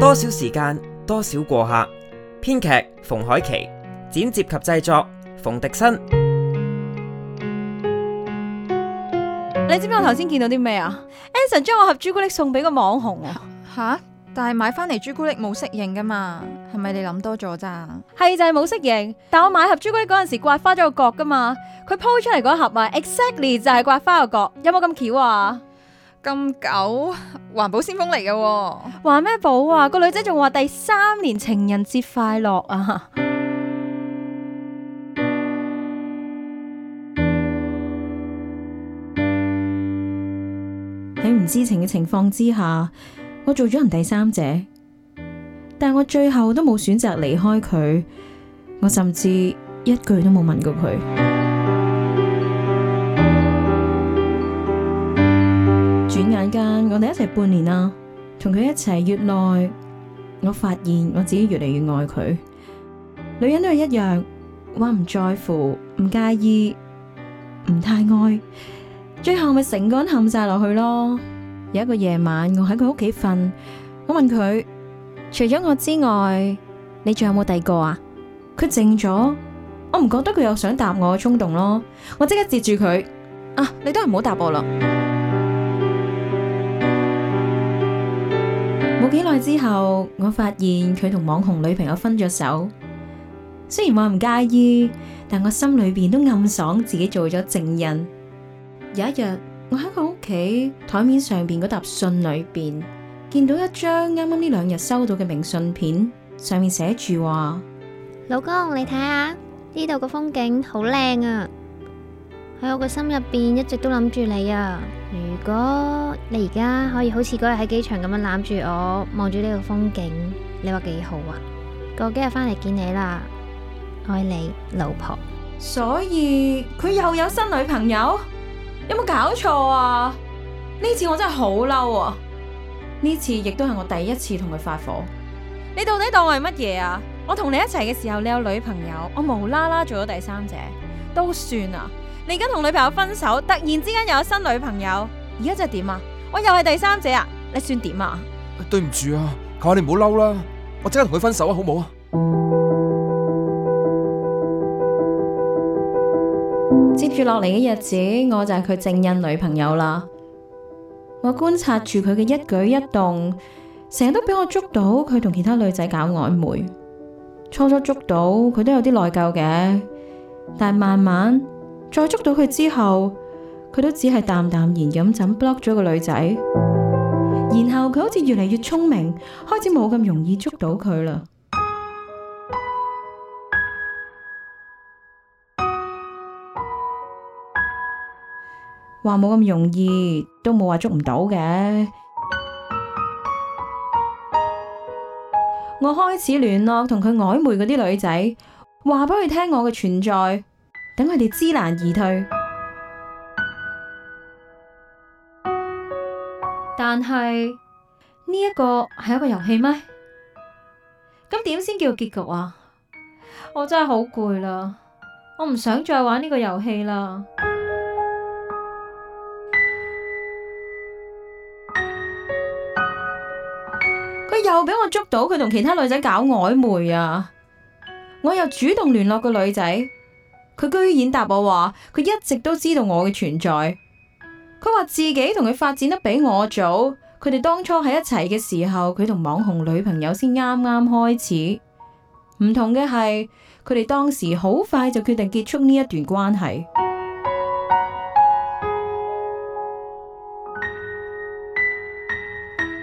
多少時間，多少過客。編劇馮海琪，剪接及製作馮迪新。 你知唔知我頭先見到啲咩啊？Anson 將我盒朱古力送俾個網紅啊！吓哈，但係買翻嚟朱古力冇適應噶嘛？係咪你諗多咗咋？係 就係冇適應，但我買盒朱古力嗰陣時刮花咗個角噶嘛？佢 po 出嚟嗰盒啊，exactly 就係刮花個角，有冇咁巧啊？咁久環保先鋒嚟嘅，哦，環咩保啊？個女仔仲話第三年情人節快樂啊！喺唔知情嘅情況之下，我做咗人第三者，但我最後都冇選擇離開佢，我甚至一句都冇問過佢。轉眼間，我哋一齊半年啦。同佢一齊越耐，我發現我自己越嚟越愛佢。女人都係一樣，話唔在乎、唔介意、唔太愛，最後咪成個人陷晒落去咯。有一個夜晚，我喺佢屋企瞓，我問佢：除咗我之外，你仲有冇第二個啊？佢靜咗，我唔覺得佢有想答我嘅衝動咯。我即刻截住佢：啊，你都係唔好答我啦。幾耐之後，我發現佢同網紅女朋友分咗手。雖然我唔介意，但我心裏邊都暗爽自己做咗證人。有一日，我喺我屋企台面上邊嗰沓信裏邊，見到一張啱啱呢兩日收到嘅明信片，上面寫住話：老公，你睇下，呢度個風景好靚啊！喺我嘅心入邊一直都諗住你啊！如果你而家可以好似嗰日喺機場咁樣攬住我望住呢個風景，你話幾好啊？過幾日翻嚟見你啦，愛你老婆。所以佢又有新女朋友，有冇搞錯啊？呢次我真係好嬲啊！呢次亦都係我第一次同佢發火。你到底當我係乜嘢啊？我同你一齊嘅時候，你有女朋友，我無啦啦做咗第三者，都算啊？你而家同女朋友分手，突然之間又有新女朋友，而家就係點啊？我又係第三者啊！你算點啊？對唔住啊，求下你唔好嬲啦，我即刻同佢分手啊，好唔好啊？接住落嚟嘅日子，我就係佢正印女朋友啦。我觀察住佢嘅一舉一動，成日都俾我捉到佢同其他女仔搞曖昧。初初捉到佢都有啲內疚嘅，但慢慢。再捉到佢之後，佢都只係淡淡然咁樣 block 咗個女仔。然後佢好似越嚟越聰明，開始冇咁容易捉到佢啦。話冇咁容易，都冇話捉唔到嘅。我開始聯絡同佢曖昧嗰啲女仔，話畀佢聽我嘅存在。等佢哋知難而退，但係呢一個係一個遊戲咩？咁點先叫結局啊？我真係好攰啦，我唔想再玩呢個遊戲啦。佢又俾我捉到佢同其他女仔搞曖昧啊！我又主動聯絡個女仔。佢居然答我話，佢一直都知道我嘅存在。佢話自己同佢發展得比我早。佢哋當初喺一齊嘅時候，佢同網紅女朋友先啱啱開始。唔同嘅係，佢哋當時好快就決定結束呢一段關係。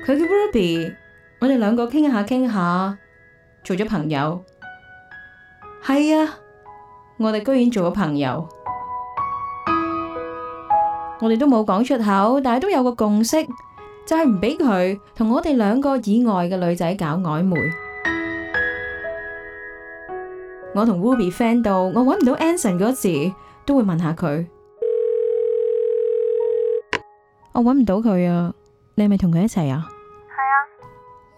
佢叫 Ruby，我哋兩個傾下傾下，做咗朋友。係啊。我哋居然做咗朋友，我哋都冇講出口，但係都有個共識，就係唔畀佢同我哋兩個以外嘅女仔搞曖昧。我同 Ruby friend 到，我搵唔到 Anson 嗰時，都會問下佢。我搵唔到佢啊，你係咪同佢一齊啊？係啊，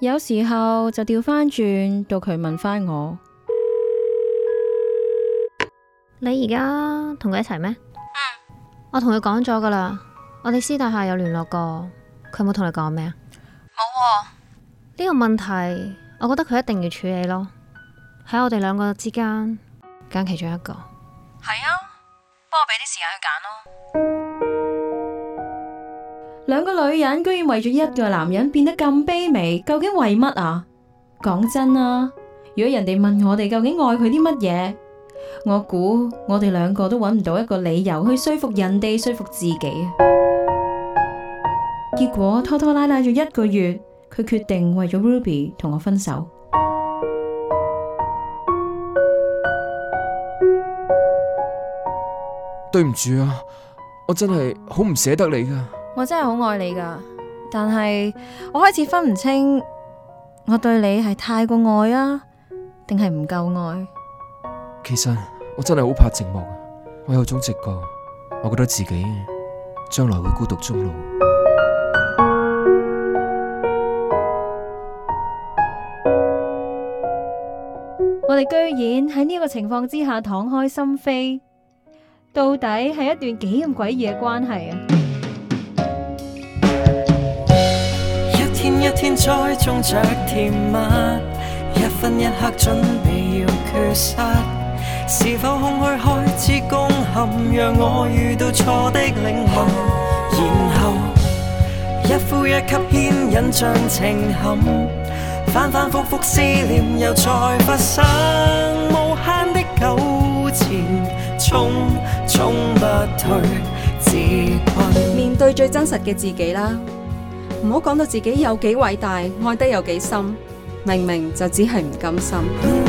有時候就調返轉，到佢問翻我。你而家同佢一齊咩？嗯，我同佢講咗噶啦，我哋私底下有聯絡過，佢冇同你講咩啊？冇，呢個問題，我覺得佢一定要處理咯，喺我哋兩個之間揀其中一個。係啊，幫我俾啲時間去揀咯。兩個女人居然為咗一個男人變得咁卑微，究竟為乜啊？講真啦，如果人哋問我哋究竟愛佢啲乜嘢，我估我哋兩個都揾唔到一個理由去說服人哋說服自己啊！結果拖拖拉拉咗一個月，佢決定為咗 Ruby 同我分手。對唔住啊，我真係好唔捨得你噶。我真係好愛你噶，但係我開始分唔清我對你係太過愛啊，定係唔夠愛？其實我真係好怕寂寞，我有種直覺，我覺得自己將來會孤獨終老。我哋居然喺呢個情況之下敞開心扉，到底係一段幾咁詭異嘅關係啊！一天一天栽種着甜蜜，一分一刻準備要缺失。是否空虛開始攻陷，讓我遇到錯的領悟，然後一呼一吸牽引像情陷，反反覆覆思念又再發生，無限的糾纏，沖沖不退自困。面對最真實嘅自己啦，唔好講到自己有幾偉大，愛得有幾深，明明就只係唔甘心。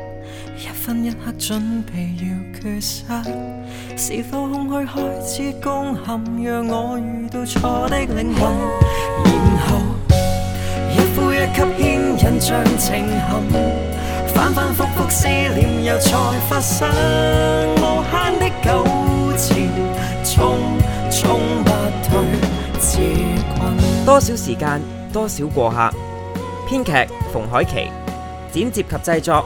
分一刻準備要缺失，是否空虛開始攻陷？讓我遇到錯的靈魂，然後一呼一吸牽引像情陷，反反覆覆思念又再發生無限的糾纏，沖沖不退自困。多少時間，多少過客？編劇馮海琪，剪接及製作。